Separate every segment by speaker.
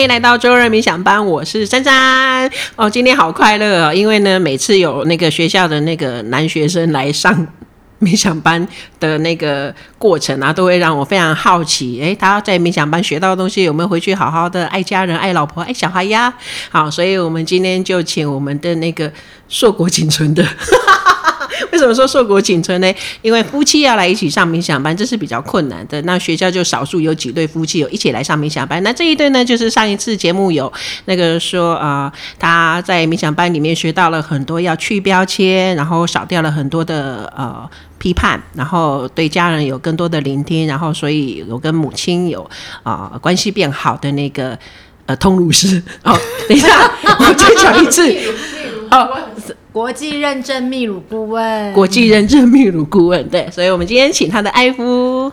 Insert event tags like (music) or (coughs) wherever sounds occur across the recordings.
Speaker 1: 歡迎來到週二冥想班，我是珊珊哦。今天好快樂哦，因為呢，每次有那個學校的那個男學生來上冥想班的那個過程啊，都會讓我非常好奇。誒，他在冥想班學到的東西有沒有回去好好的愛家人、愛老婆、愛小孩呀？好，所以我們今天就請我們的那個碩果僅存的。 (laughs) 為什麼說碩果僅存呢？因為夫妻要來一起上冥想班，這是比較困難的。那學校就少數有幾對夫妻有一起來上冥想班。那這一對呢，就是上一次節目有那個說啊、呃，他在冥想班裡面學到了很多要去標籤，然後少掉了很多的呃批判，然後對家人有更多的聆聽，然後所以我跟母親有啊、呃、關係變好的那個呃通路師。哦，等一下，
Speaker 2: (laughs) 我再講一次。 (laughs) 哦。 (laughs) 國際認證泌乳顧問，國際認證
Speaker 1: 泌乳顧問，對，所以我們今天請他的愛夫。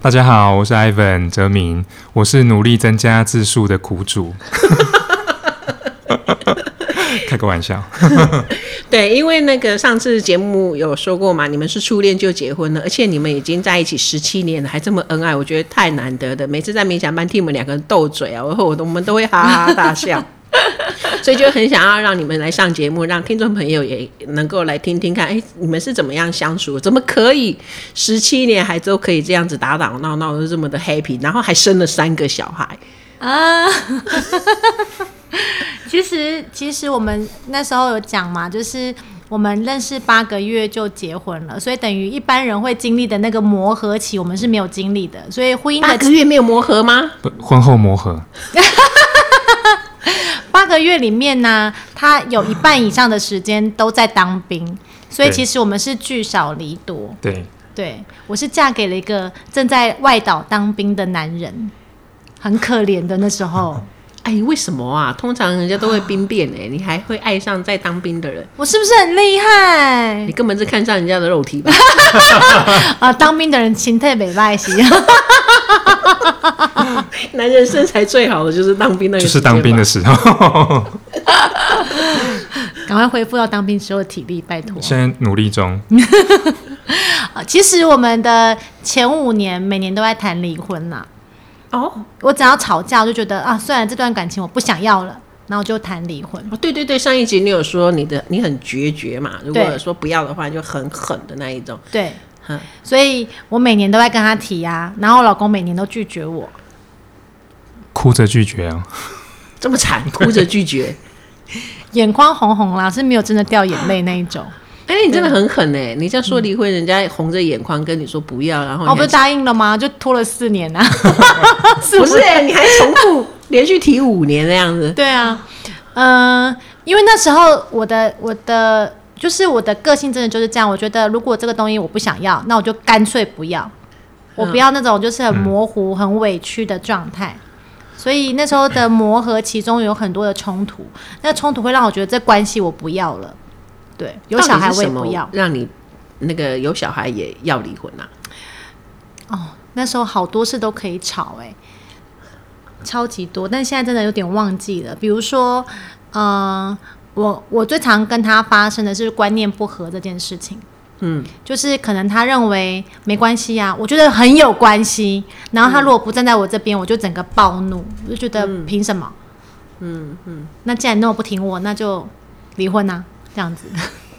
Speaker 3: 大家好，我是 Ivan 哲明，我是努力增加自述的苦主， (laughs) (laughs) 開個玩笑。
Speaker 1: (laughs) (laughs) 對，因為那個上次節目有說過嘛，你們是初戀就結婚了，而且你們已經在一起十七年了，還這麼恩愛，我覺得太難得的。每次在冥想班聽你們兩個人鬥嘴啊，我我我們都會哈哈大笑。 (laughs) (laughs) 所以就很想要讓你們來上節目，讓聽眾朋友也能夠來聽聽看，哎、欸，你們是怎麼樣相處？怎麼可以十七年還都可以這樣子打打鬧鬧，都這麼的 happy，然後還生了三個小孩
Speaker 2: 啊！Uh, (laughs) (laughs) (laughs) 其實其實我們那時候有講嘛，就是我們認識八個月就結婚了，所以等於一般人會經歷的那個磨合期，我們是沒有經歷的。所以婚姻八個月沒有磨合嗎？
Speaker 3: 婚後磨合。 (laughs)
Speaker 2: 八個月裡面呢、啊，他有一半以上的時間都在當兵，所以其實我們是聚少離多。對對，我是嫁給了一個正在外島當兵的男人，很可憐的那時候。哎，
Speaker 1: 為什麼啊？通常人家都會兵變哎、欸啊，你還會愛上在當兵的人？
Speaker 2: 我是不是很厲害？你根本是看上人家的肉體吧？ (laughs) (laughs) 啊，當兵的人情特別外型。 (laughs) 男人身材最好的就是當兵的時候，就是當兵
Speaker 3: 的時候
Speaker 2: (laughs) 趕 (laughs) 快恢復到當兵時候體力，拜托。現
Speaker 3: 在努力中
Speaker 2: (laughs) 其實我們的前五年每年都在談離婚吶、啊。哦，我只要吵架，我就覺得啊，算了，這段感情我不想要了，然後就談離婚、
Speaker 1: 哦。對對對，上一集你有說你的你很決絕嘛？如果說不要的話，就
Speaker 2: 很狠的那一種。對。所以，我每年都在跟他提啊，然後我老公每年都拒絕我。
Speaker 3: 哭着拒絕啊，
Speaker 2: 這麼慘，哭着拒絕， (laughs) 眼眶紅紅啦，是沒有真的掉眼淚那一種。哎、 (laughs) 欸，你真的很
Speaker 1: 狠哎、欸！你像說離婚、嗯，人家紅着眼眶跟你說不要，然後我、哦、不是答
Speaker 2: 應了嗎？就拖了四年吶、啊， (laughs) 是不是，不是、欸？你還重
Speaker 1: 複連續提五年那樣子？ (laughs)
Speaker 2: 對啊，嗯、呃，因為那時候我的我的就是我的個性真的就是這樣。我覺得如果這個東西我不想要，那我就乾脆不要、嗯，
Speaker 1: 我不要
Speaker 2: 那種就是很模糊、嗯、很委屈的狀態。所以那時候的磨合，其中有很多的衝突， (coughs) 那衝突會讓我覺得這關係我不要了。
Speaker 1: 對，有小孩為什麼要？讓你那個有小孩也要離婚了、
Speaker 2: 啊、哦，那時候好多事都可以吵、欸，哎，超級多。但現在真的有點忘記了。比如說，嗯、呃，我我最常跟他發生的是觀念不合這件事情。嗯，就是可能他認為沒關係呀、啊，我覺得很有關係。然後他如果不站在我這邊、嗯，我就整個暴怒，我就覺得憑什麼？嗯嗯，嗯，那既然你不挺我，那就離婚吶、啊，這樣子。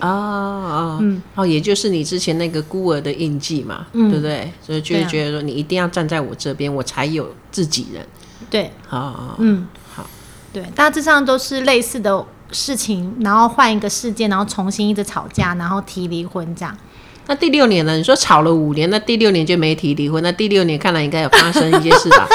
Speaker 2: 哦啊、
Speaker 1: 哦，嗯，哦，也就是你之前那個孤兒的印記嘛，嗯、對不對？所以就是覺得說，你一定要站在我這邊、嗯，我才有自己人。對，好、哦，嗯，好，
Speaker 2: 對，大致上都是類似的。事情，然後換一個事件，然後重新一直吵架，然後提離婚這樣。
Speaker 1: 那第六年呢？你說吵了五年，那第六年就沒提離婚？那第六年看來應該有發
Speaker 2: 生一些事吧？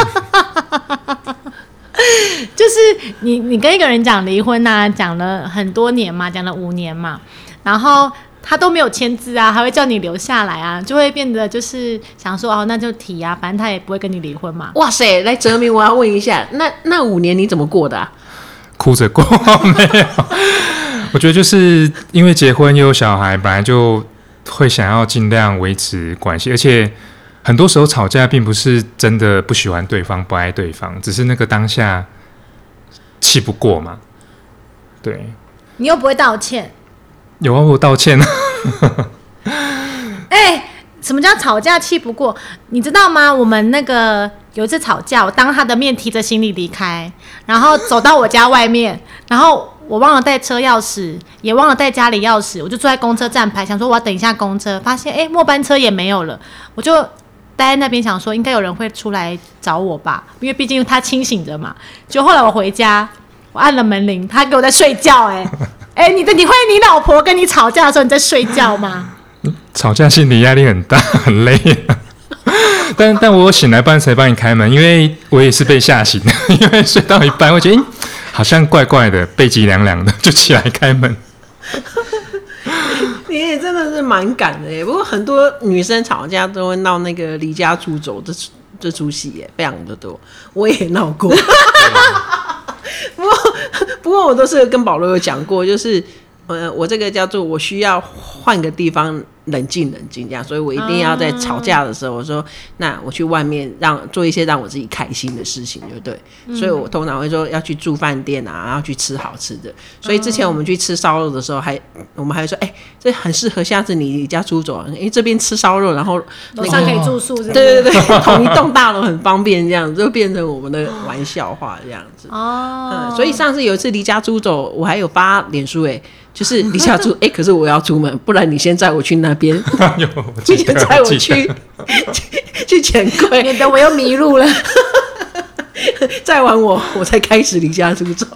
Speaker 2: (laughs) 就是你你跟一個人講離婚吶、啊，講了很多年嘛，講了五年嘛，然後他都沒有簽字啊，還會叫你留下來啊，就會變得就是想說哦，那就提啊，反正他也不會跟你離婚嘛。哇
Speaker 1: 塞，來哲明，我要問一下， (laughs) 那那五年你怎麼過的、啊？哭着
Speaker 3: 過 (laughs) 沒有？我覺得就是因為結婚又有小孩，本來就會想要盡量維持關係，而且很多時候吵架並不是真的不喜歡對方、不愛對方，只是那個當下氣不過嘛。對，
Speaker 2: 你又不會道歉，
Speaker 3: 有啊、哦，我道歉啊，哎
Speaker 2: (laughs) 欸，什麼叫吵架氣不過？你知道嗎？我們那個。有一次吵架，我當他的面提着行李離開，然後走到我家外面，然後我忘了帶車鑰匙，也忘了帶家裡鑰匙，我就坐在公車站牌，想說我要等一下公車，發現，哎，末班車也沒有了，我就待在那邊想說應該有人會出來找我吧，因為畢竟他清醒着嘛。就後來我回家，我按了門鈴，他給我在睡覺、欸。哎 (laughs) 哎，你的你會你老婆跟你吵架的時候你在睡覺嗎？
Speaker 3: 吵架心理壓力很大，很累、啊。 (laughs) 但但，我醒來半才幫你開門，因為我也是被嚇醒的，因為睡到一半，我覺得，欸，好像怪怪的，背脊涼涼的，就起來開門。
Speaker 1: (laughs) 你也真的是蠻趕的耶，不過很多女生吵架都會鬧那個離家出走這出這出戲耶，非常的多。我也鬧過， (laughs) (laughs) (laughs) 過，不過不過我都是跟保羅有講過，就是。我我這個叫做我需要換個地方冷靜冷靜這樣，所以我一定要在吵架的時候，嗯、我說那我去外面讓做一些讓我自己開心的事情，就對、嗯。所以我通常會說要去住飯店啊，然後去吃好吃的。所以之前我們去吃燒肉的時候還，還、嗯、我們還說哎、欸，這很適合下次你離家出走，啊，因、欸、為這邊吃燒肉，然後樓、那個、上可以住宿是是，是不是？對對對，同一棟大樓很方便，這樣子就變成我們的玩笑話這樣子哦、嗯嗯。所以上次有一次離家出走，我還有發臉書哎、欸。就是離家出，哎、欸，可是我要出門，不然你先載我去那邊，哎，你先載我去去 (laughs) 去錢櫃，免得我又迷
Speaker 2: 路了。載 (laughs) 完我，我才開始離家出走。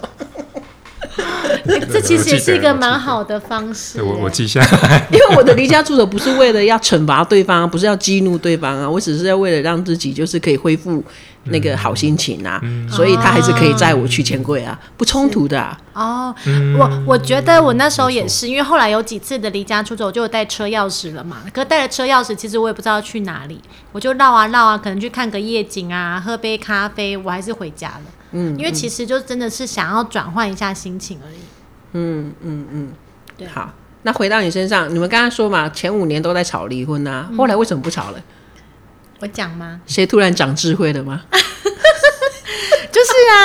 Speaker 2: (laughs) 欸、這其實也是一個蠻好的方式，
Speaker 3: 我記我記下
Speaker 1: 來。因為我的離家出走不是為了要懲罰對方、啊，不是要激怒對方啊，我只是要為了讓自己就是可以恢復那個好心情啊，嗯、所以他還是可以載我去錢櫃啊、嗯，不衝突的啊。
Speaker 2: 哦。我我覺得我那時候也是、嗯，因為後來有幾次的離家出走，我就有帶車鑰匙了嘛。可帶了車鑰匙，其實我也不知道要去哪裡，我就繞啊繞啊，可能去看個夜景啊，喝杯咖啡，我還是回家了。
Speaker 1: 嗯,嗯，因為其實
Speaker 2: 就真的是想要轉換一下心情而已。嗯嗯嗯，對，
Speaker 1: 好，那回到你身上，你們剛剛說嘛，前五年都在吵離婚吶、啊嗯，後來為什麼不吵了？我講嗎？誰突然長智慧了嗎？
Speaker 2: (laughs) 就是啊，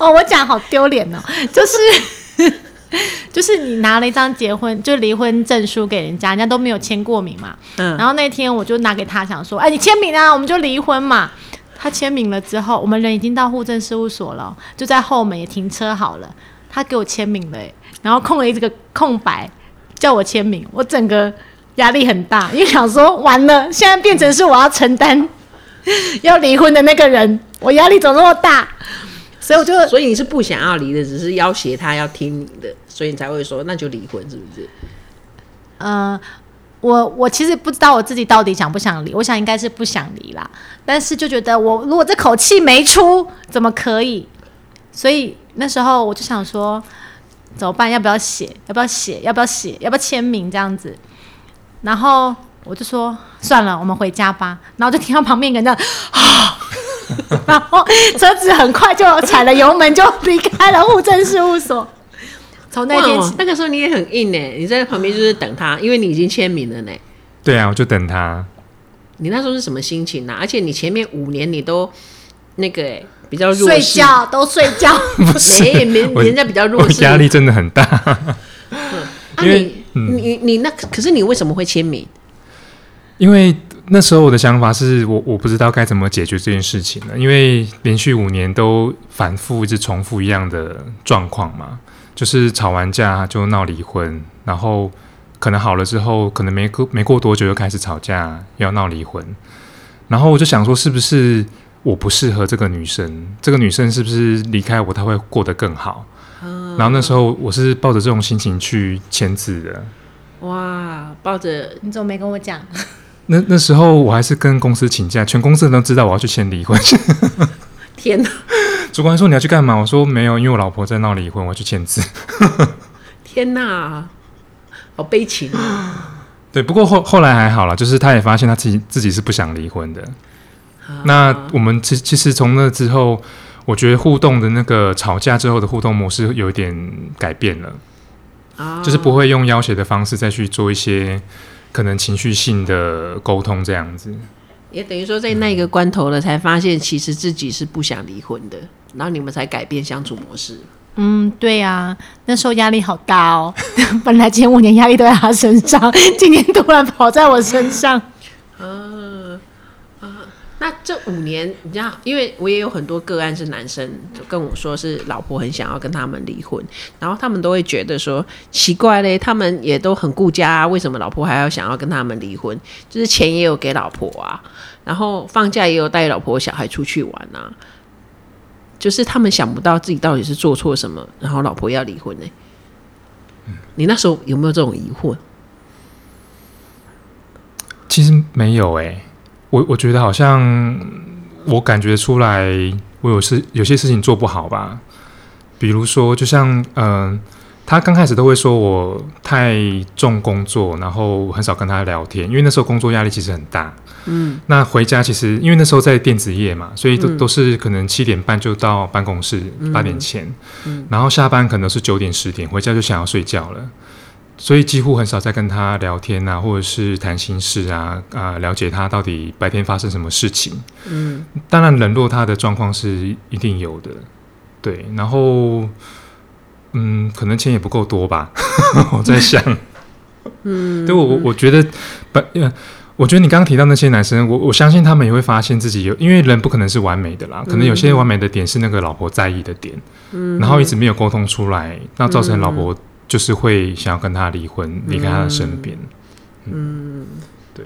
Speaker 2: (laughs) 哦，我講好丟臉哦，就是 (laughs) 就是你拿了一張結婚就離婚證書給人家，人家都沒有簽過名嘛。嗯，然後那天我就拿給他，想說，哎、欸，你簽名啊，我們就離婚嘛。他簽名了之後，我們人已經到戶政事務所了，就在後門也停車好了。他給我簽名了，然後空了一個空白，叫我簽名。我整個壓力很大，因為想說完了，現在變成是我要承擔要離婚的那個人，我壓力怎麼那麼大？所以我就，所以你是不想要離的，
Speaker 1: 只是要挾他要聽你的，所以你才會說那就離婚是不是？嗯、
Speaker 2: 呃。我我其實不知道我自己到底想不想離，我想應該是不想離啦，但是就覺得我如果這口氣沒出，怎麼可以？所以那時候我就想說，怎麼辦？要不要寫？要不要寫？要不要寫？要不要簽名這樣子？然後我就說算了，我們回家吧。然後就聽到旁邊一個人，啊， (laughs) (laughs) 然後車子很快就踩了油門，就離開了戶政事務所。從那天起哇！
Speaker 1: 那個時候你也很硬呢、欸。你在旁邊就是等他，因為你已經簽名了呢、欸。
Speaker 3: 對啊，我就等他。
Speaker 1: 你那時候是什麼心情呢、啊？而且你前面五年你都那個、欸、比較弱，睡覺都睡覺， (laughs) 沒人人家比較弱勢，壓力
Speaker 3: 真的很大。 (laughs) 嗯，啊、嗯，
Speaker 1: 你你你那可是你為什麼會簽名？因為
Speaker 3: 那時候我的想法是我我不知道該怎麼解決這件事情了，因為連續五年都反覆一直重複一樣的狀況嘛。就是吵完架就鬧離婚，然後可能好了之後，可能沒過沒過多久又開始吵架，要鬧離婚。然後我就想說，是不是我不適合這個女生？這個女生是不是離開我，她會過得更好？哦？然後那時候我是抱着這種心情去簽字的。
Speaker 2: 哇，抱着你怎麼沒跟我講？
Speaker 3: 那那時候我還是跟公司請假，全公司人都知道我要去簽離婚。
Speaker 2: (laughs) 天哪、啊！
Speaker 3: 主管說：“你要去幹嘛？”我說：“沒有，因為我老婆在鬧離婚，我要去簽字。 (laughs) ”
Speaker 1: 天哪、啊，好悲情啊！
Speaker 3: 對，不過後後來還好了，就是他也發現他自己自己是不想離婚的。哦、那我們其其實從那之後，我覺得互動的那個吵架之後的互動模式有一點改變
Speaker 1: 了、哦，就是不
Speaker 3: 會用要挾的方式再去做一些可能情緒性的溝通這樣子。
Speaker 1: 也等於說，在那個關頭了，才發現其實自己是不想離婚的，然後你們才改變相處模式。
Speaker 2: 嗯，對啊，那時候壓力好大哦， (laughs) 本來前五年壓力都在他身上， (laughs) 今天突然跑在我身上。
Speaker 1: 嗯、 (laughs) 啊。那這五年，你知道，因為我也有很多個案是男生就跟我說，是老婆很想要跟他們離婚，然後他們都會覺得說奇怪嘞，他們也都很顧家啊，為什麼老婆還要想要跟他們離婚？就是錢也有給老婆啊，然後放假也有帶老婆小孩出去玩啊，就是他們想不到自己到底是做錯什麼，然後老婆要離婚呢、欸。嗯，你那時候有沒有這種疑惑？
Speaker 3: 其實沒有哎、欸。我我覺得好像我感覺出來，我有事有些事情做不好吧，比如說，就像嗯、呃，他剛開始都會說我太重工作，然後很少跟他聊天，因為那時候工作壓力其實很大。嗯，那回家其實因為那時候在電子業嘛，所以都、嗯、都是可能七點半就到辦公室八點前、嗯嗯，然後下班可能是九點十點回家就想要睡覺了。所以幾乎很少在跟他聊天啊，或者是談心事啊，啊、呃，了解他到底白天發生什麼事情。嗯，當然冷落他的狀況是一定有的，對。然後，嗯，可能錢也不夠多吧， (laughs) 我在想。嗯，對我我覺得，嗯，我覺得你剛剛提到那些男生，我我相信他們也會發現自己有，因為人不可能是完美的啦，可能有些完美的點是那個老婆在意的點，嗯，然後一直沒有溝通出來，那造成老婆。就是會想要跟他離婚，離開他的身邊。嗯。
Speaker 1: 嗯，對，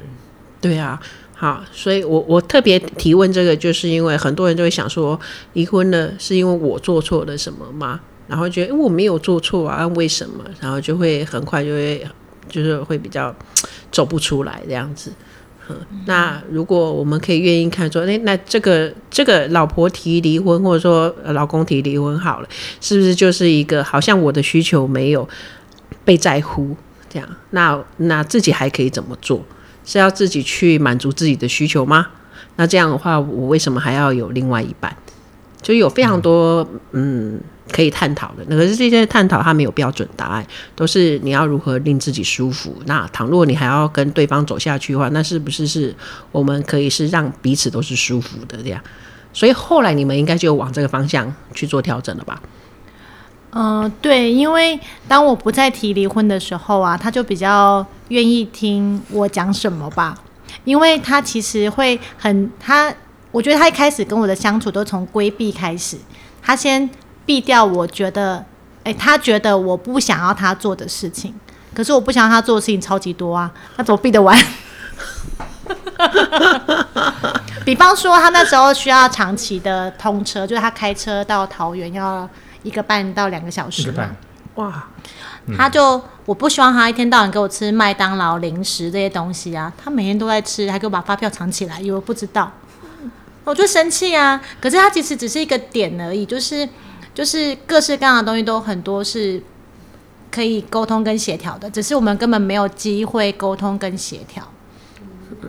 Speaker 1: 對啊，好，所以我我特別提問這個，就是因為很多人都會想說，離婚了是因為我做錯了什麼嗎？然後覺得我沒有做錯啊，為什麼？然後就會很快就會就是會比較走不出來這樣子。嗯、那如果我們可以願意看說，誒，那這個這個老婆提離婚，或者說老公提離婚，好了，是不是就是一個好像我的需求沒有被在乎這樣？那那自己還可以怎麼做？是要自己去滿足自己的需求嗎？那這樣的話，我為什麼還要有另外一半？就有非常多嗯。嗯可以探討的，可是這些探討他沒有標準答案，都是你要如何令自己舒服。那倘若你還要跟對方走下去的話，那是不是是我們可以是讓彼此都是舒服的這樣？所以後來你們應該就往這個方向去做調整了吧？嗯、
Speaker 2: 呃，對，因為當我不再提離婚的時候啊，他就比較願意聽我講什麼吧，因為他其實會很他，我覺得他一開始跟我的相處都從規避開始，他先。避掉，我覺得，哎、欸，他覺得我不想要他做的事情，可是我不想要他做的事情超級多啊，他怎麼避得完？ (laughs) (laughs) 比方說，他那時候需要長期的通車，就是他開車到桃園要一個半到兩個小時，一哇、嗯，他就我不希望他一天到晚給我吃麥當勞零食這些東西啊，他每天都在吃，還給我把發票藏起來，以為我不知道，嗯、我就生氣啊。可是他其實只是一個點而已，就是。就是各式各樣的東西都很多，是可以溝通跟協調的，只是我們根本沒有機會溝通跟協調、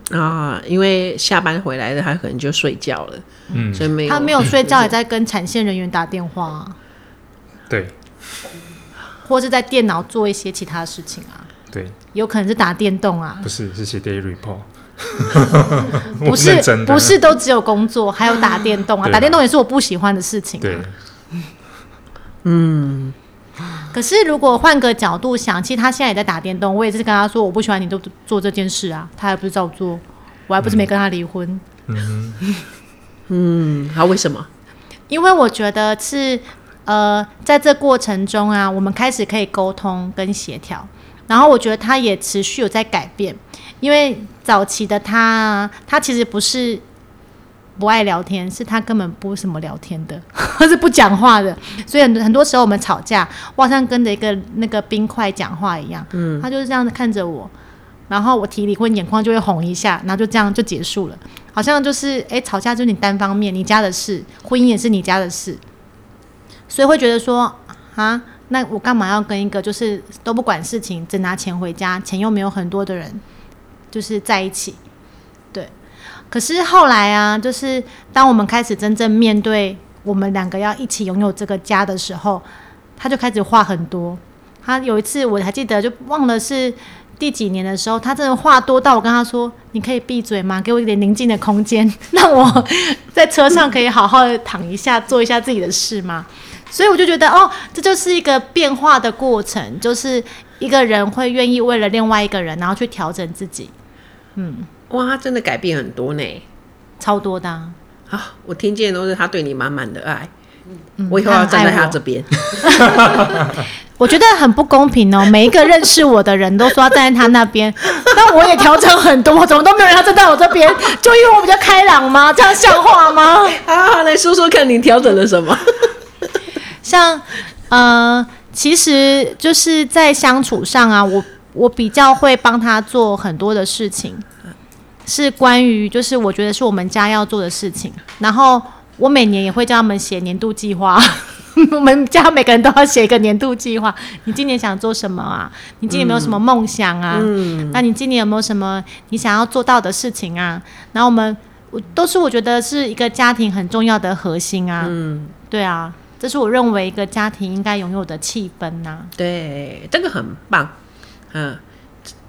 Speaker 2: 嗯、
Speaker 1: 啊。因為下班回來的他可能就睡覺了，嗯，所以沒他沒有睡覺，也
Speaker 2: 在跟產線人員打電話、啊，
Speaker 3: 對，
Speaker 2: 或者在電腦做一些其他的事情啊，對，有可能是打電動啊，不
Speaker 3: 是，是寫 daily report，不是，不是
Speaker 2: 都只有工作，還有打電動啊，嗯、打電動也是我不喜歡的事情、啊，對。嗯，可是如果換個角度想，其實他現在也在打電動，我也是跟他說我不喜歡你都做這件事啊，他還不是照做，我還不是沒跟他離婚。
Speaker 1: 嗯， (laughs) 嗯，他為什麼？
Speaker 2: 因為我覺得是呃，在這過程中啊，我們開始可以溝通跟協調，然後我覺得他也持續有在改變，因為早期的他，他其實不是。不愛聊天，是他根本不什麼聊天的，他 (laughs) 是不講話的。所以很多很多時候我們吵架，好像跟着一個那個冰塊講話一樣。嗯，他就是這樣子看着我，然後我提離婚，眼眶就會紅一下，然後就這樣就結束了。好像就是，哎、欸，吵架就是你單方面，你家的事，婚姻也是你家的事。所以會覺得說，蛤，那我幹嘛要跟一個就是都不管事情，只拿錢回家，錢又沒有很多的人，就是在一起。可是後來啊，就是當我們開始真正面對我們兩個要一起擁有這個家的時候，他就開始話很多。他有一次我還記得，就忘了是第幾年的時候，他真的話多到我跟他說：“你可以閉嘴嗎？給我一點寧靜的空間，讓我在車上可以好好的躺一下， (laughs) 做一下自己的事嗎？”所以我就覺得，哦，這就是一個變化的過程，就是一個人會願意為了另外一個人，然後去調整自己。嗯。
Speaker 1: 哇，他真的改變很多呢、欸，超多的啊，啊！我聽見都是他對你滿滿的愛、嗯，我以後要站在他這邊。我，
Speaker 2: (laughs) (laughs) (laughs) (laughs) 我覺得很不公平哦、喔，每一個認識我的人都說要站在他那邊，那我也調整很多，怎麼都沒有人要站在我這邊？就因為我比較開朗嗎？這樣像話嗎？ (laughs) 啊好好，來說說看你調整了什麼？ (laughs) 像，嗯、呃，其實就是在相處上啊，我我比較會幫他做很多的事情。 (laughs) 是關於，就是我覺得是我們家要做的事情。然後我每年也會叫他們寫年度計劃。 (laughs) 我們家每個人都要寫一個年度計劃。你今年想做什麼啊？你今年有沒有什麼夢想啊？嗯，嗯，那你今年有沒有什麼你想要做到的事情啊？然後我們，我都是我覺得是一個家庭很重要的核心啊。嗯，對啊，這是我認為一個家庭應該擁有的氣氛吶。對，這個很棒。嗯。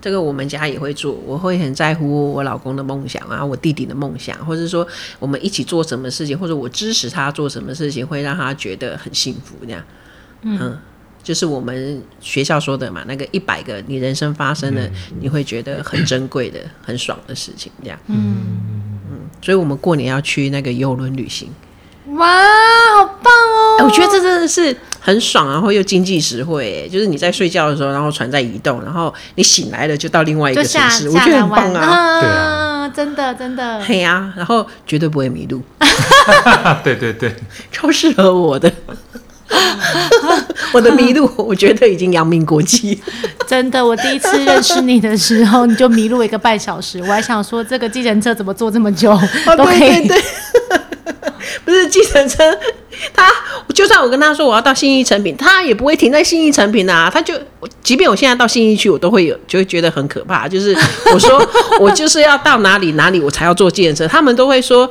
Speaker 2: 這個我們家
Speaker 1: 也會做，我會很在乎我老公的夢想啊，我弟弟的夢想，或者說我們一起做什麼事情，或者我支持他做什麼事情，會讓他覺得很幸福。這樣嗯，嗯，就是我們學校說的嘛，那個一百個你人生發生的，你會覺得很珍貴的、嗯、很爽的事情，這樣，嗯嗯嗯。所以，我們過年要去那個郵輪旅行，
Speaker 2: 哇，好棒哦！我覺得這真的是。
Speaker 1: 很爽，然後又經濟實惠，就是你在睡覺的時候，然後船在移動，然後你醒來了就到另外一個城市，我覺得很棒啊，啊
Speaker 2: 對真、啊、的真的，很呀、啊，然
Speaker 1: 後絕對不會迷路， (laughs) 對，對對對，超適合我的， (laughs) 啊
Speaker 2: 啊、 (laughs) 我的迷路 (laughs) 我覺得已經揚名國際，真的，我第一次認識你的時候 (laughs) 你就迷路一個半小時，我還想說這個計程車怎麼坐這麼久，啊、都可以對，對對對。不是計程車，他就算我跟他說我要到信義誠品，他
Speaker 1: 也不會停在信義誠品啊，他就，即便我現在到信義區，我都會有，就會覺得很可怕。就是我說 (laughs) 我就是要到哪裡哪裡我才要坐計程車，他們都會說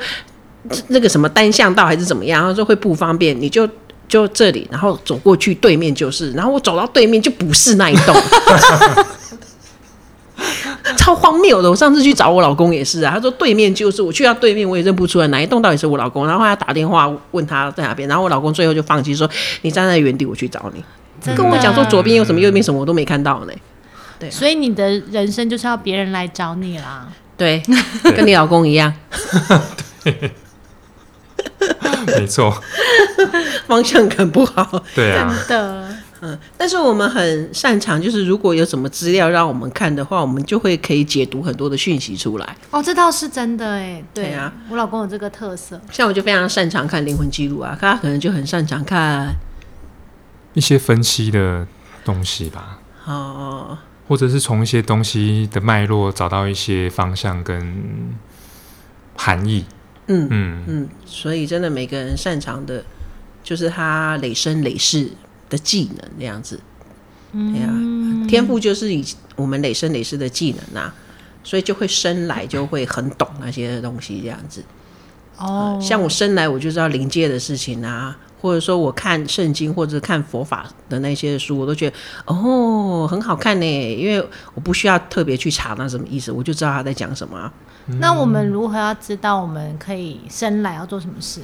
Speaker 1: 那個什麼單向道還是怎麼樣，然後說會不方便。你就就這裡，然後走過去對面就是，然後我走到對面就不是那一棟。 (laughs) (laughs) 超荒謬的！我上次去找我老公也是啊，他說對面就是我，去到對面我也認不出來哪一棟到底是我老公。然後他打電話問他在哪邊，然後我老公最後就放棄說：“你站在原地，我去找你。”跟我講說左邊有什麼，右邊什麼，我都沒看到呢。
Speaker 2: 對、啊，所以你的人生就是要別人來找你啦。
Speaker 1: 對，跟你老公一樣。 (laughs) 沒錯， (laughs) 方向感不好。對啊。真的嗯，但是我們很擅長，就是如果有什麼資料讓我們看的話，我們就會可以解讀很多的訊息出來。
Speaker 2: 哦，這倒是真的哎。對啊，我老公有這個特色，
Speaker 1: 像我就非常擅長看靈魂記錄啊，他可能就很擅長看一
Speaker 3: 些分析的東西吧。
Speaker 1: 哦，
Speaker 3: 或者是從一些東西的脈絡找到一些方向跟含義。嗯嗯
Speaker 1: 嗯，所以真的每個人擅長的，就是他累生累世的技能這樣子，
Speaker 2: 對呀、啊嗯，天賦
Speaker 1: 就是以我們累生累世的技能吶、啊，所以就會生來就會很懂那些東西這樣子。哦、嗯呃，像我生來我就知道靈界的事情啊，或者說我看聖經或者是看佛法的那些書，我都覺得哦很好看呢、欸，因為我不需要特別去查那什麼意思，我就知道他在講什麼、啊嗯。
Speaker 2: 那我們如何要知道我們可以生來要做什麼事？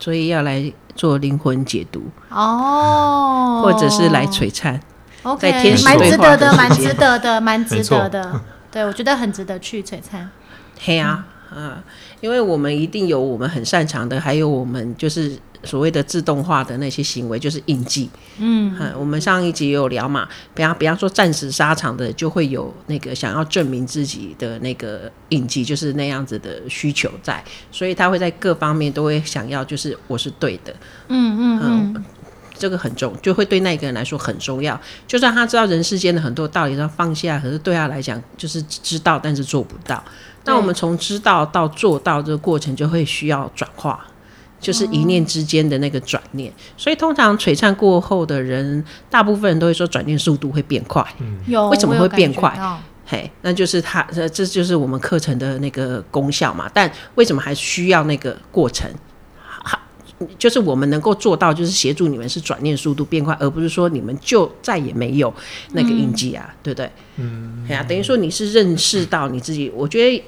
Speaker 1: 所以要來做靈魂解讀
Speaker 2: 哦、oh，或者是來璀璨
Speaker 1: ，OK，蠻值得的，蠻值得的，蠻值得的。
Speaker 2: (laughs) 對，我覺得很值得去璀璨。
Speaker 1: 嘿啊，嗯，因為我們一定有我們很擅長的，還有我們就是。所謂的自動化的那些行為，就是印記。
Speaker 2: 嗯，嗯，我
Speaker 1: 們上一集有聊嘛，比方比方說，戰死沙場的，就會有那個想要證明自己的那個印記，就是那樣子的需求在，所以他會在各方面都會想要，就是我是對的。
Speaker 2: 嗯嗯嗯，
Speaker 1: 這個很重，就會對那個人來說很重要。就算他知道人世間的很多道理他放下，可是對他來講，就是知道但是做不到。那我們從知道到做到這個過程，就會需要轉化。就是一念之間的那個轉念，嗯，所以通常璀璨過後的人，大部分人都會說轉念速度會變快。有，嗯，為什麼會變快？嘿，那就是他，這就是我們課程的那個功效嘛。但為什麼還需要那個過程？就是我們能夠做到，就是協助你們是轉念速度變快，而不是說你們就再也沒有那個印記啊，嗯、對不對，對？嗯，哎呀，等於說你是認識到你自己。我覺得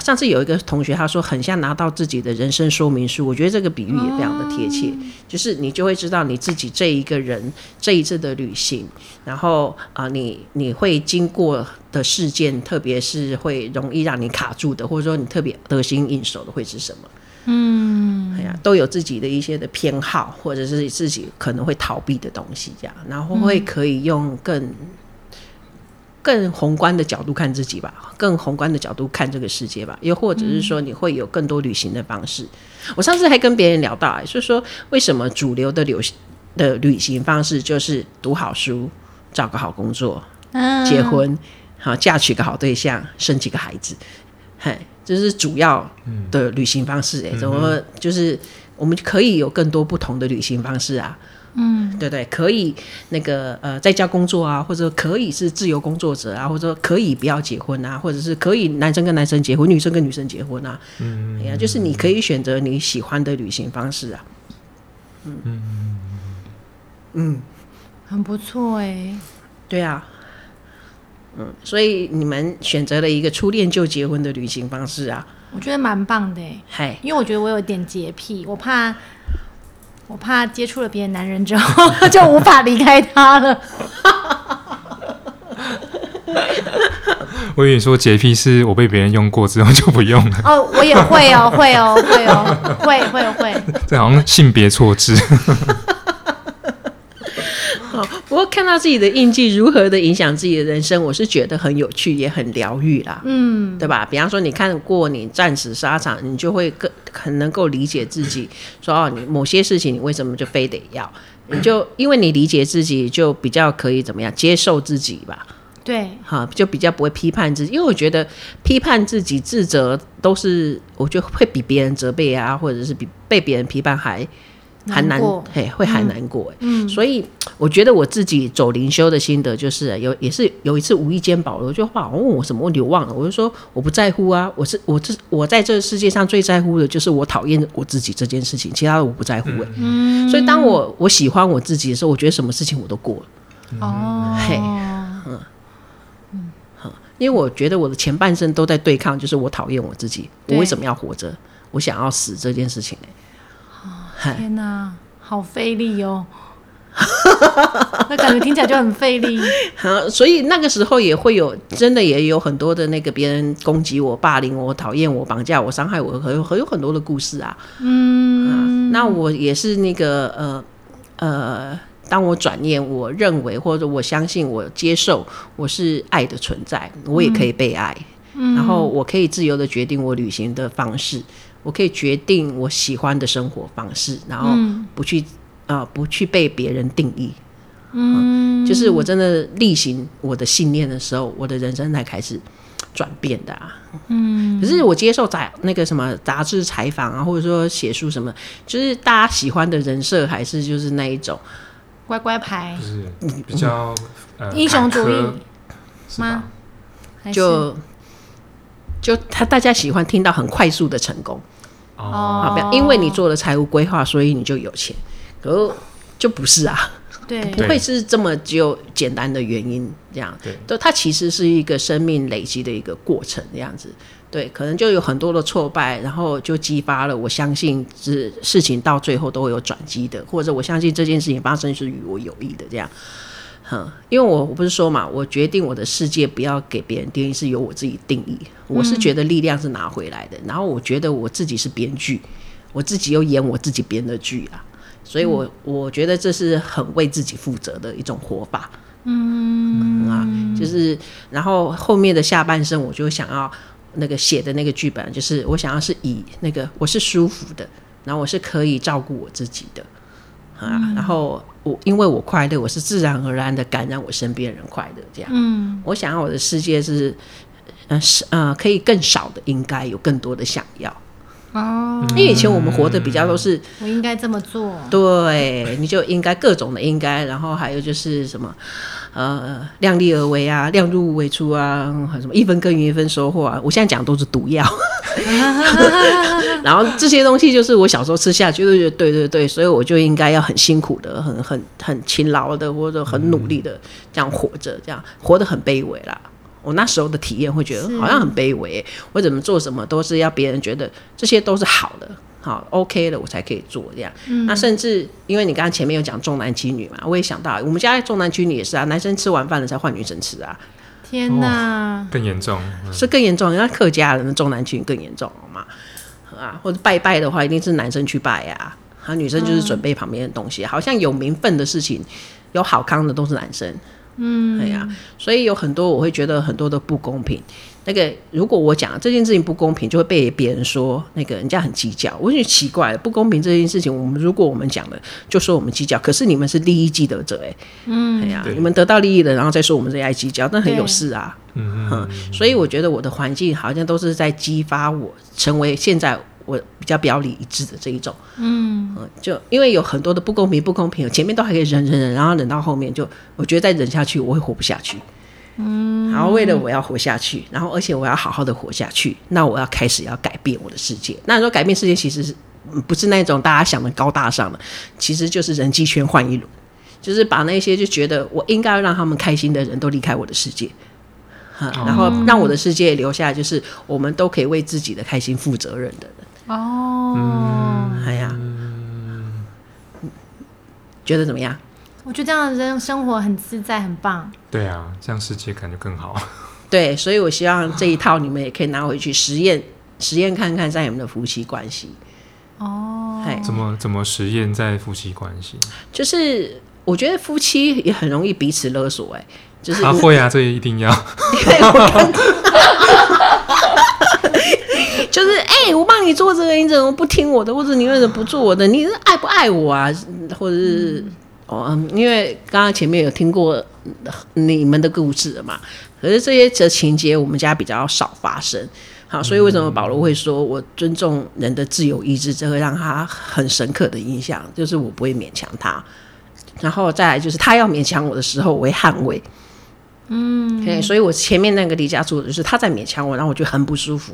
Speaker 1: 上次有一個同學他說很像拿到自己的人生說明書，我覺得這個比喻也非常的貼切、嗯。就是你就會知道你自己這一個人這一次的旅行，然後啊、呃，你你會經過的事件，特別是會容易讓你卡住的，或者說你特別得心應手的會是什麼？嗯，哎呀，都有自己的一些的偏好，或者是自己可能會逃避的東西，這樣，然後會可以用更、嗯、更宏觀的角度看自己吧，更宏觀的角度看這個世界吧，又或者是說你會有更多旅行的方式。嗯、我上次還跟別人聊到哎、欸，所以說為什麼主流的旅行的旅行方式就是讀好書、找個好工作、結婚、好、啊、嫁娶個好對象、生幾個孩子，嘿。這、就是主要的旅行方式哎、欸，怎、嗯、麼就是我們可以有更多不同的旅行方式啊？嗯，對對，對，可以那個呃，在家工作啊，或者說可以是自由工作者啊，或者說可以不要結婚啊，或者是可以男生跟男生結婚，女生跟女生結婚啊。嗯，哎呀、啊，就是你可以選擇你喜歡的旅行方式啊。嗯嗯嗯，很不錯哎、欸。
Speaker 2: 對啊。
Speaker 1: 嗯，所以你們選擇了一個初戀就結婚的旅行方式啊，
Speaker 2: 我覺得蠻棒的哎、欸。因為我覺得我有點潔癖，我怕我怕接觸了別的男人之後 (laughs) 就無法離開他了。
Speaker 3: (laughs) 我以為你說，潔癖是我被別人用過之後就不用了。哦，我也會哦， (laughs) 會哦， (laughs) 會哦 (laughs) 會，會哦，會 (laughs) 會會。
Speaker 2: 會
Speaker 3: 哦， (laughs) 這好像性別錯置。 (laughs)
Speaker 1: 我、哦、看到自己的印記如何的影響自己的人生，我是覺得很有趣，也很療癒啦。嗯，對吧？比方說，你看過你戰死沙場，你就會更很能夠理解自己，說哦，你某些事情你為什麼就非得要？嗯、你就因為你理解自己，就比較可以怎麼樣接受自己吧？對，哈、啊，就比較不會批判自己，因為我覺得批判自己、自責都是我就會比別人責備啊，或者是比被別人批判還。很難嘿，會很難過、欸嗯嗯、所以我覺得我自己走靈修的心得就是、欸、有，也是有一次無意間，保羅，就話：‘問我什麼問題，我忘了，我就說我不在乎啊，我是我這我在這個世界上最在乎的就是我討厭我自己這件事情，其他的我不在乎、欸嗯、
Speaker 2: 所以當我
Speaker 1: 我喜歡我自己的時候，我覺得什麼事情我都過了哦、嗯、嘿，
Speaker 2: 嗯嗯好，
Speaker 1: 因為我覺得我的前半生都在對抗，就是我討厭我自己，我為什麼要活着，我想要死這件事情、欸
Speaker 2: 嗯、天哪、啊，好費力哦！ (laughs) 那感覺聽起來就很費力、 (laughs) 嗯。
Speaker 1: 所以那個時候也會有，真的也有很多的那個別人攻擊我、霸凌我、討厭我、綁架我、傷害我，很很有很多的故事啊。嗯，嗯那我也是那個呃呃，當我轉念，我認為或者我相信，我接受我是愛的存在，我也可以被愛，嗯、然後我可以自由的決定我旅行的方式。我可以決定我喜歡的生活方式，然後不去啊、嗯呃，不去被別人定義嗯。嗯，
Speaker 2: 就是我真
Speaker 1: 的力行我的信念的時候，我的人生才開始轉變的啊。
Speaker 2: 嗯，可是
Speaker 1: 我接受雜那個什麼雜誌採訪啊，或者說寫書什麼，就是大家喜歡的人設還是就是那一種
Speaker 2: 乖乖牌，就、嗯、
Speaker 1: 是比較、呃、英雄主義是嗎？是就就他大家喜歡聽到很快速的成功。
Speaker 2: 哦，好，不要因為你
Speaker 1: 做了財務規劃，所以你就有錢，可就不是啊，
Speaker 2: 對，不會
Speaker 1: 是這麼就簡單的原因這樣，對，對，它其實是一個生命累積的一個過程這樣子，對，可能就有很多的挫敗，然後就激發了，我相信是事情到最後都會有轉機的，或者我相信這件事情發生是與我有益的這樣。哼，因為我我不是說嘛，我決定我的世界不要給別人定義，是由我自己定義。我是覺得力量是拿回來的，嗯、然後我覺得我自己是編劇，我自己又演我自己編的劇啊，
Speaker 2: 所以我、嗯、
Speaker 1: 我覺得這是很為自己負責的一種活法。嗯，嗯啊，就是然後後面的下半生，我就想要那個寫的那個劇本，就是我想要是以那個我是舒服的，然後我是可以照顧我自己的。啊，然後我、嗯、因為我快樂，我是自然而然的感染我身邊人快樂，這樣。嗯，我想要我的世界是，嗯、呃、是呃可以更少的，應該有更多的想要。
Speaker 2: 哦、嗯，因為以前我
Speaker 1: 們活的比較都是
Speaker 2: 我應該這麼做，
Speaker 1: 對，你就應該各種的應該，然後還有就是什麼呃量力而為啊，量入為出啊，什麼一分耕耘一分收穫啊。我現在講的都是毒藥。啊哈哈
Speaker 2: 哈哈
Speaker 1: (laughs) (laughs) 然後這些東西就是我小時候吃下去，就覺得對，對對對，所以我就應該要很辛苦的、很很很勤勞的或者很努力的這樣活着，這樣活得很卑微啦。我那時候的體驗會覺得好像很卑微、欸，我怎麼做什麼都是要別人覺得這些都是好的，好 OK 的，我才可以做這樣。嗯、那甚至因為你剛剛前面有講重男輕女嘛，我也想到我們家重男輕女也是啊，男生吃完飯了才換女生吃啊。
Speaker 3: 天哪，哦、更嚴重、
Speaker 1: 嗯、是更嚴重，那客家人的重男輕女更嚴重了嘛？啊，或者拜拜的話，一定是男生去拜啊，啊女生就是準備旁邊的東西，嗯，好像有名分的事情，有好康的都是男生。嗯，哎呀、啊，所以有很多我會覺得很多的不公平。那個如果我講這件事情不公平，就會被別人說那個人家很計較。我就奇怪，不公平這件事情，我們如果我們講了，就說我們計較，可是你們是利益既得者哎、欸，嗯，
Speaker 2: 哎呀、啊，你
Speaker 1: 們得到利益了，然後再說我們熱愛計較，那很有事啊，嗯嗯，嗯，所以我覺得我的環境好像都是在激發我成為現在，我比較表裡一致的這一種，嗯，嗯，就因為有很多的不公平，不公平，我前面都還可以忍忍忍，然後忍到後面，就我覺得再忍下去我會活不下去，嗯，然後為了我要活下去，然後而且我要好好的活下去，那我要開始要改變我的世界。那你說改變世界其實是不是那種大家想的高大上的，其實就是人際圈換一輪，就是把那些就覺得我應該要讓他們開心的人都離開我的世界，嗯嗯，然後讓我的世界留下就是我們都可以為自己的開心負責任的人。哦、嗯，哎呀，嗯，覺得怎麼樣？
Speaker 2: 我覺得這樣的人生活很自在，很棒。
Speaker 3: 對啊，這樣世界感覺更好。
Speaker 2: 對，所以我希望
Speaker 1: 這一套你們也可以拿回去實驗， (laughs) 實驗看看在你們的夫妻關係。
Speaker 2: 哦，怎麼
Speaker 3: 怎麼實驗在夫妻關係？
Speaker 1: 就是我覺得夫妻也很容易彼此勒索，欸，哎，就是他，啊，會啊，這一定要 (laughs) 我。 (laughs) 就是哎、欸，我幫你做這個，你怎麼不聽我的？或者你為什麼不做我的？你是愛不愛我啊？或者是、嗯、哦，因為剛剛前面有聽過你們的故事了嘛？可是這些情節我們家比較少發生。好，所以為什麼保羅會說“我尊重人的自由意志”？嗯、這會、個、讓他很深刻的印象就是我不會勉強他。然後再來就是他要勉強我的時候，我會捍衛。
Speaker 2: 嗯，okay, 所以，
Speaker 1: 我前面那個離家住的就是他在勉強我，然後我就很不舒服。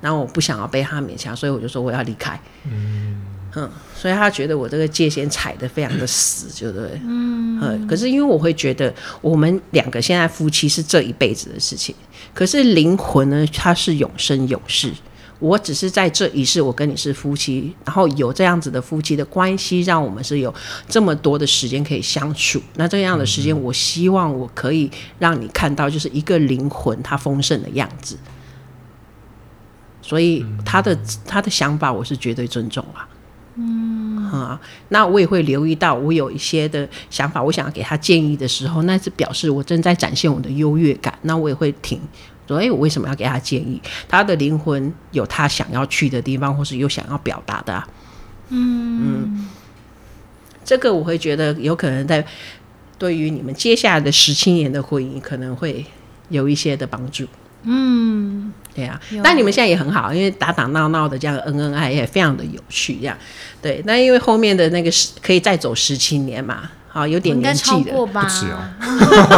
Speaker 1: 然後我不想要被他勉強，所以我就說我要離開。嗯，嗯，所以他覺得我這個界限踩得非常的死，對不對？嗯，可是因為我會覺得我們兩個現在夫妻是這一輩子的事情，可是靈魂呢，它是永生永世。我只是在這一世，我跟你是夫妻，然後有這樣子的夫妻的關係，讓我們是有這麼多的時間可以相處。那這樣的時間，我希望我可以讓你看到，就是一個靈魂它豐盛的樣子。所以他的、嗯、他的想法我是絕對尊重啊，嗯啊，那我也會留意到，我有一些的想法，我想要給他建議的時候，那是表示我正在展現我的優越感。那我也會挺說，以、欸、我為什麼要給他建議？他的靈魂有他想要去的地方，或是有想要表達的、啊嗯，嗯，這個我會覺得有可能在對於你們接下來的十七年的婚姻，可能會有一些的幫助，嗯。對呀、啊啊，那你們現在也很好，因為打打鬧鬧的這樣恩恩愛愛非常的有趣，這樣。對，那因為後面的那個是可以再走十七年嘛，好、哦、有點年紀的，是哦。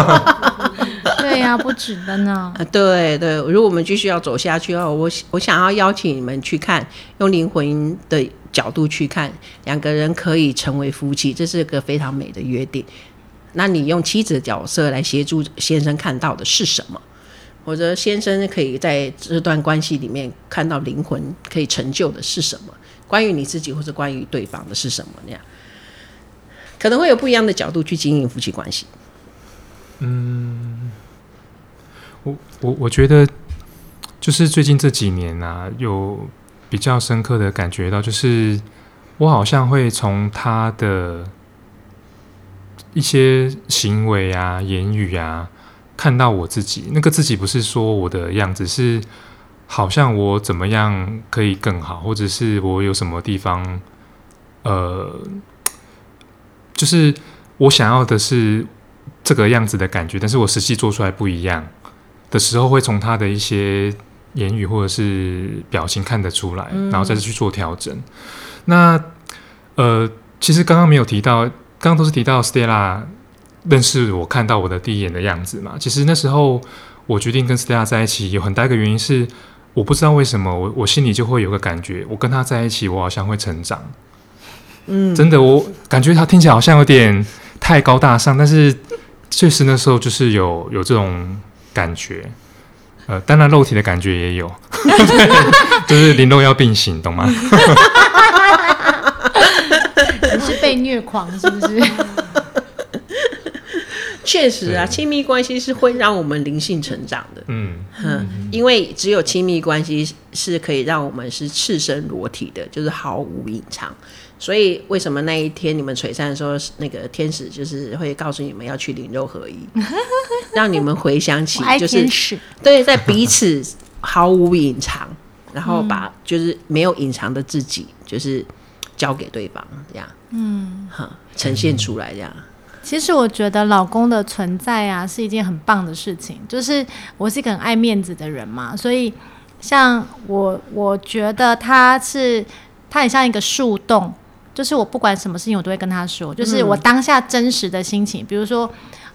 Speaker 2: (laughs) 對呀、啊 (laughs) 啊，不止的呢。
Speaker 1: 對對，如果我們繼續要走下去哦，我我想要邀請你們去看，用靈魂的角度去看，兩個人可以成為夫妻，這是一個非常美的約定。那你用妻子的角色來協助先生看到的是什麼？或者先生可以在這段關係裡面看到靈魂可以成就的是什麼？關於你自己或者關於對方的是什麼那樣，可能會有不一樣的角度去經營夫妻關係。嗯，
Speaker 3: 我我我覺得就是最近這幾年啊，有比較深刻的感覺到，就是我好像會從他的一些行為啊、言語啊。看到我自己，那個自己不是說我的樣子，是好像我怎麼樣可以更好，或者是我有什麼地方，呃，就是我想要的是這個樣子的感覺，但是我實際做出來不一樣的時候，會從他的一些言語或者是表情看得出來，嗯。然後再去做調整。那呃，其實剛剛沒有提到，剛剛都是提到 Stella。認識我看到我的第一眼的樣子嘛。其實那時候我決定跟 Stella 在一起有很大一個原因是，我不知道為什麼我我心裡就會有個感覺，我跟他在一起我好像會成長。嗯，真的，我感覺他聽起來好像有點太高大上，但是確實那時候就是有有這種感覺。呃，當然肉體的感覺也有， (laughs) 對就是靈肉要並行， (laughs) 懂嗎？
Speaker 2: (laughs) 你是被虐狂是不是？
Speaker 1: 確實啊，親密關係是會讓我們靈性成長的。嗯哼、嗯嗯，因為只有親密關係是可以讓我們是赤身裸體的，就是毫無隱藏。所以為什麼那一天你們璀璨的時候，那個天使就是會告訴你們要去靈肉合一， (laughs) 讓你們回想起就是對，在彼此毫無隱藏， (laughs) 然後把就是沒有隱藏的自己就是交給對方這樣，
Speaker 2: 嗯，
Speaker 1: 哈，呈現出來這樣。嗯嗯
Speaker 2: 其實我覺得老公的存在啊，是一件很棒的事情。就是我是一個很愛面子的人嘛，所以像我，我覺得他是，他很像一個樹洞，就是我不管什麼事情，我都會跟他說，就是我當下真實的心情，比如說。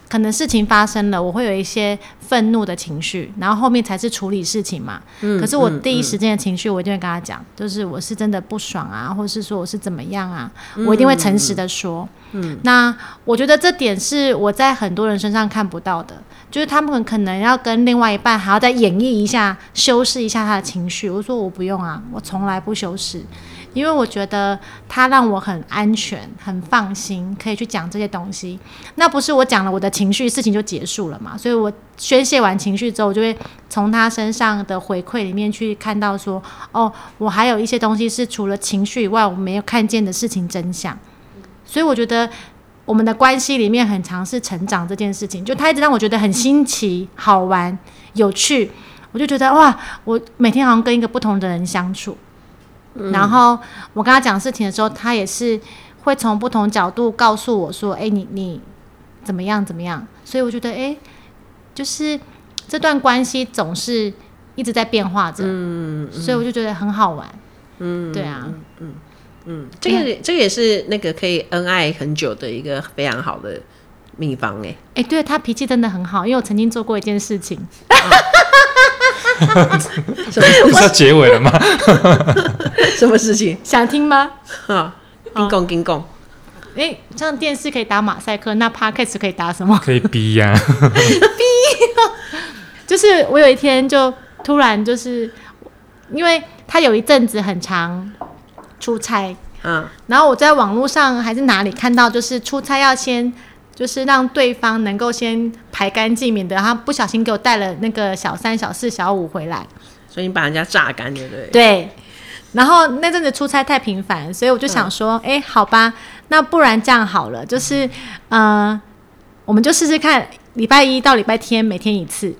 Speaker 2: 可能事情發生了，我會有一些憤怒的情緒，然後後面才是處理事情嘛。嗯，可是我第一時間的情緒，我一定會跟他講、嗯嗯，就是我是真的不爽啊，或者是說我是怎麼樣啊，嗯、我一定會誠實的說嗯。嗯，那我覺得這點是我在很多人身上看不到的，嗯、就是他們可能要跟另外一半還要再演繹一下、修飾一下他的情緒。我說我不用啊，我從來不修飾。因為我覺得他讓我很安全、很放心，可以去講這些東西。那不是我講了我的情緒，事情就結束了嘛？所以我宣泄完情緒之後，我就會從他身上的回饋裡面去看到說，哦，我還有一些東西是除了情緒以外，我沒有看見的事情真相。所以我覺得我們的關係裡面很嘗試成長這件事情，就他一直讓我覺得很新奇、好玩、有趣。我就覺得，哇，我每天好像跟一個不同的人相處。嗯、然後我跟他講事情的時候，他也是會從不同角度告訴我說：“哎、欸，你你怎麼樣怎麼樣？”所以我覺得，哎、欸，就是這段關係總是一直在變化着、嗯嗯，所以我就覺得很好玩。嗯，對啊，嗯嗯，嗯，嗯，這個、欸、
Speaker 1: 這個、也是那個可以恩愛很久的一個非常好的秘方哎、
Speaker 2: 欸。哎、欸，對，他脾氣真的很好，因為我曾經做過一件事情。 (laughs) 啊你 (laughs) 麼事 (laughs) 知道
Speaker 3: 結尾了嗎？
Speaker 2: (laughs) (laughs) 什麼事情想聽嗎？啊，Ding Gong Ding Gong。欸，像電視可以打馬賽克，那 Podcast 可以打什麼？可
Speaker 3: 以逼呀、啊， (laughs) 逼、
Speaker 2: 啊。就是我有一天就突然就是，因為他有一陣子很常出差，嗯、啊，然後我在網絡上還是哪裡看到，就是出差要先。就是讓對方能夠先排乾淨，免得他不小心給我帶了那個小三、小四、小五回來。
Speaker 1: 所以你把人家榨乾，對不對？對。
Speaker 2: 然後那陣子出差太頻繁，所以我就想說，哎、嗯欸，好吧，那不然這樣好了，就是，嗯，呃、我們就試試看，禮拜一到禮拜天每天一次，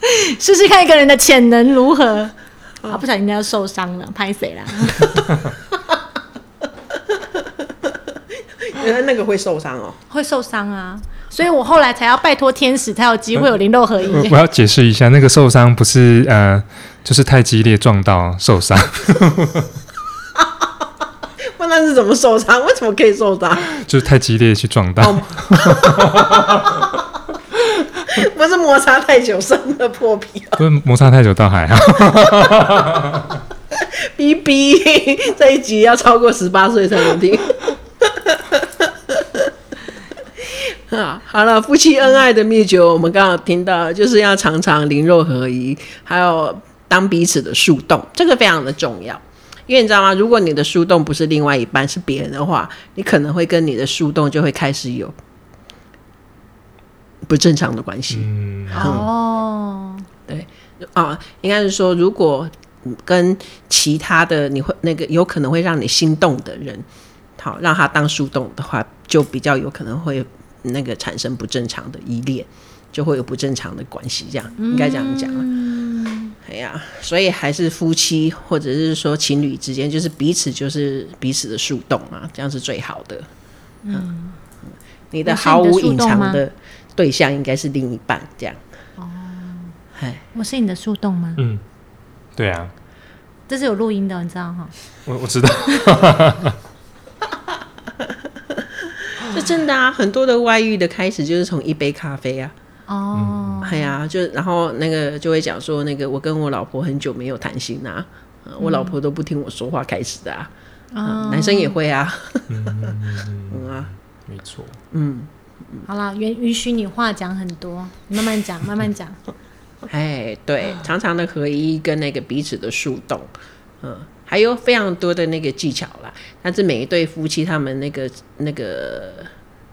Speaker 2: 試 (laughs) 試 (laughs) (laughs) 看一個人的潛能如何。啊、嗯，不小心人家受傷了，拍誰啦？ (laughs) 覺、欸、得那個會受傷哦，會受傷啊，所以我後來才要拜托天使才有機會有靈肉合一、呃、我，我要
Speaker 3: 解釋一下，那個受傷不是呃，就是太激烈撞到受傷，
Speaker 1: 不然是怎麼受傷？為什麼可以受傷？就
Speaker 3: 是太激烈去撞到、哦、
Speaker 1: (laughs) (laughs) 不是摩擦太久生的破皮、
Speaker 3: 啊、 (laughs) 不是摩擦太久倒還
Speaker 1: 好 BB 這一集要超過十八歲才能聽 (laughs) 啊，好了，夫妻恩愛的秘訣，我們剛剛聽到就是要常常靈肉合一，還有當彼此的樹洞，這個非常的重要。因為你知道嗎？如果你的樹洞不是另外一半是別人的話，你可能會跟你的樹洞就會開始有不正常的關係。嗯，嗯，好哦，對啊，應該是說，如果跟其他的你會那個有可能會讓你心動的人，好讓他當樹洞的話，就比較有可能會。那個產生不正常的依戀，就會有不正常的關係，這樣，嗯，應該這樣講，啊。哎呀，啊，所以還是夫妻或者是說情侶之間，就是彼此就是彼此的樹洞啊，這樣是最好的。嗯，嗯，你的毫無隱藏的對象應該是，嗯，是另一半這樣。
Speaker 2: 哦，哎，我是你的樹洞嗎？嗯，
Speaker 3: 對啊，
Speaker 2: 這是有錄音的，你知道哈？
Speaker 3: 我我知道。 (laughs) (laughs)
Speaker 1: 真的啊，很多的外遇的開始就是從一杯咖啡啊。
Speaker 2: 哦，哎呀、
Speaker 1: 啊，就然後那個就會講說，那個我跟我老婆很久沒有談心啊、嗯、我老婆都不聽我說話開始的啊。啊、哦嗯，
Speaker 2: 男生也會
Speaker 1: 啊。嗯，呵呵嗯啊，沒錯。嗯，
Speaker 2: 好啦，允允許你話講很多，慢慢講， (laughs) 慢慢講。
Speaker 1: 哎，對，常常的合一跟那個彼此的樹洞，嗯，還有非常多的那個技巧啦。但是每一對夫妻他們那個那個。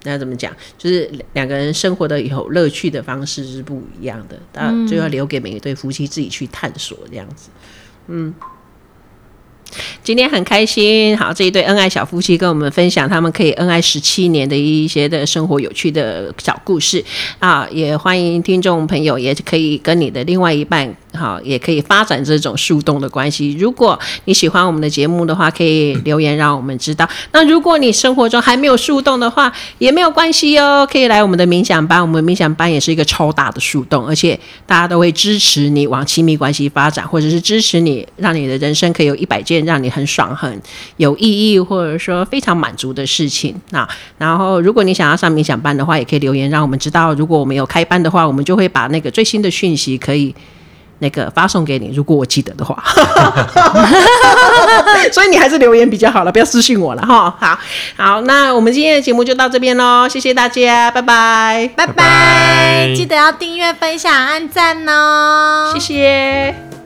Speaker 1: 那怎麼講？就是兩個人生活的有樂趣的方式是不一樣的，當然就要留給每一對夫妻自己去探索這樣子嗯。嗯，今天很開心，好，這一對恩愛小夫妻跟我們分享他們可以恩愛十七年的一些的生活有趣的小故事啊，也歡迎聽眾朋友，也可以跟你的另外一半。好，也可以發展這種樹洞的關係。如果你喜歡我們的節目的話，可以留言讓我們知道。那如果你生活中還沒有樹洞的話，也沒有關係哦，可以來我們的冥想班。我們冥想班也是一個超大的樹洞，而且大家都會支持你往親密關係發展，或者是支持你，讓你的人生可以有一百件讓你很爽、很有意義，或者說非常滿足的事情。那然後，如果你想要上冥想班的話，也可以留言讓我們知道。如果我們有開班的話，我們就會把那個最新的訊息可以。那個發送給你，如果我記得的話， (laughs) (laughs) (laughs) (laughs) (laughs) 所以你還是留言比較好了，不要私信我了哈。好好，那我們今天的節目就到這
Speaker 2: 邊嘍，謝謝大家，拜拜，拜拜，記得要訂閱、分享、按讚哦、喔，謝謝。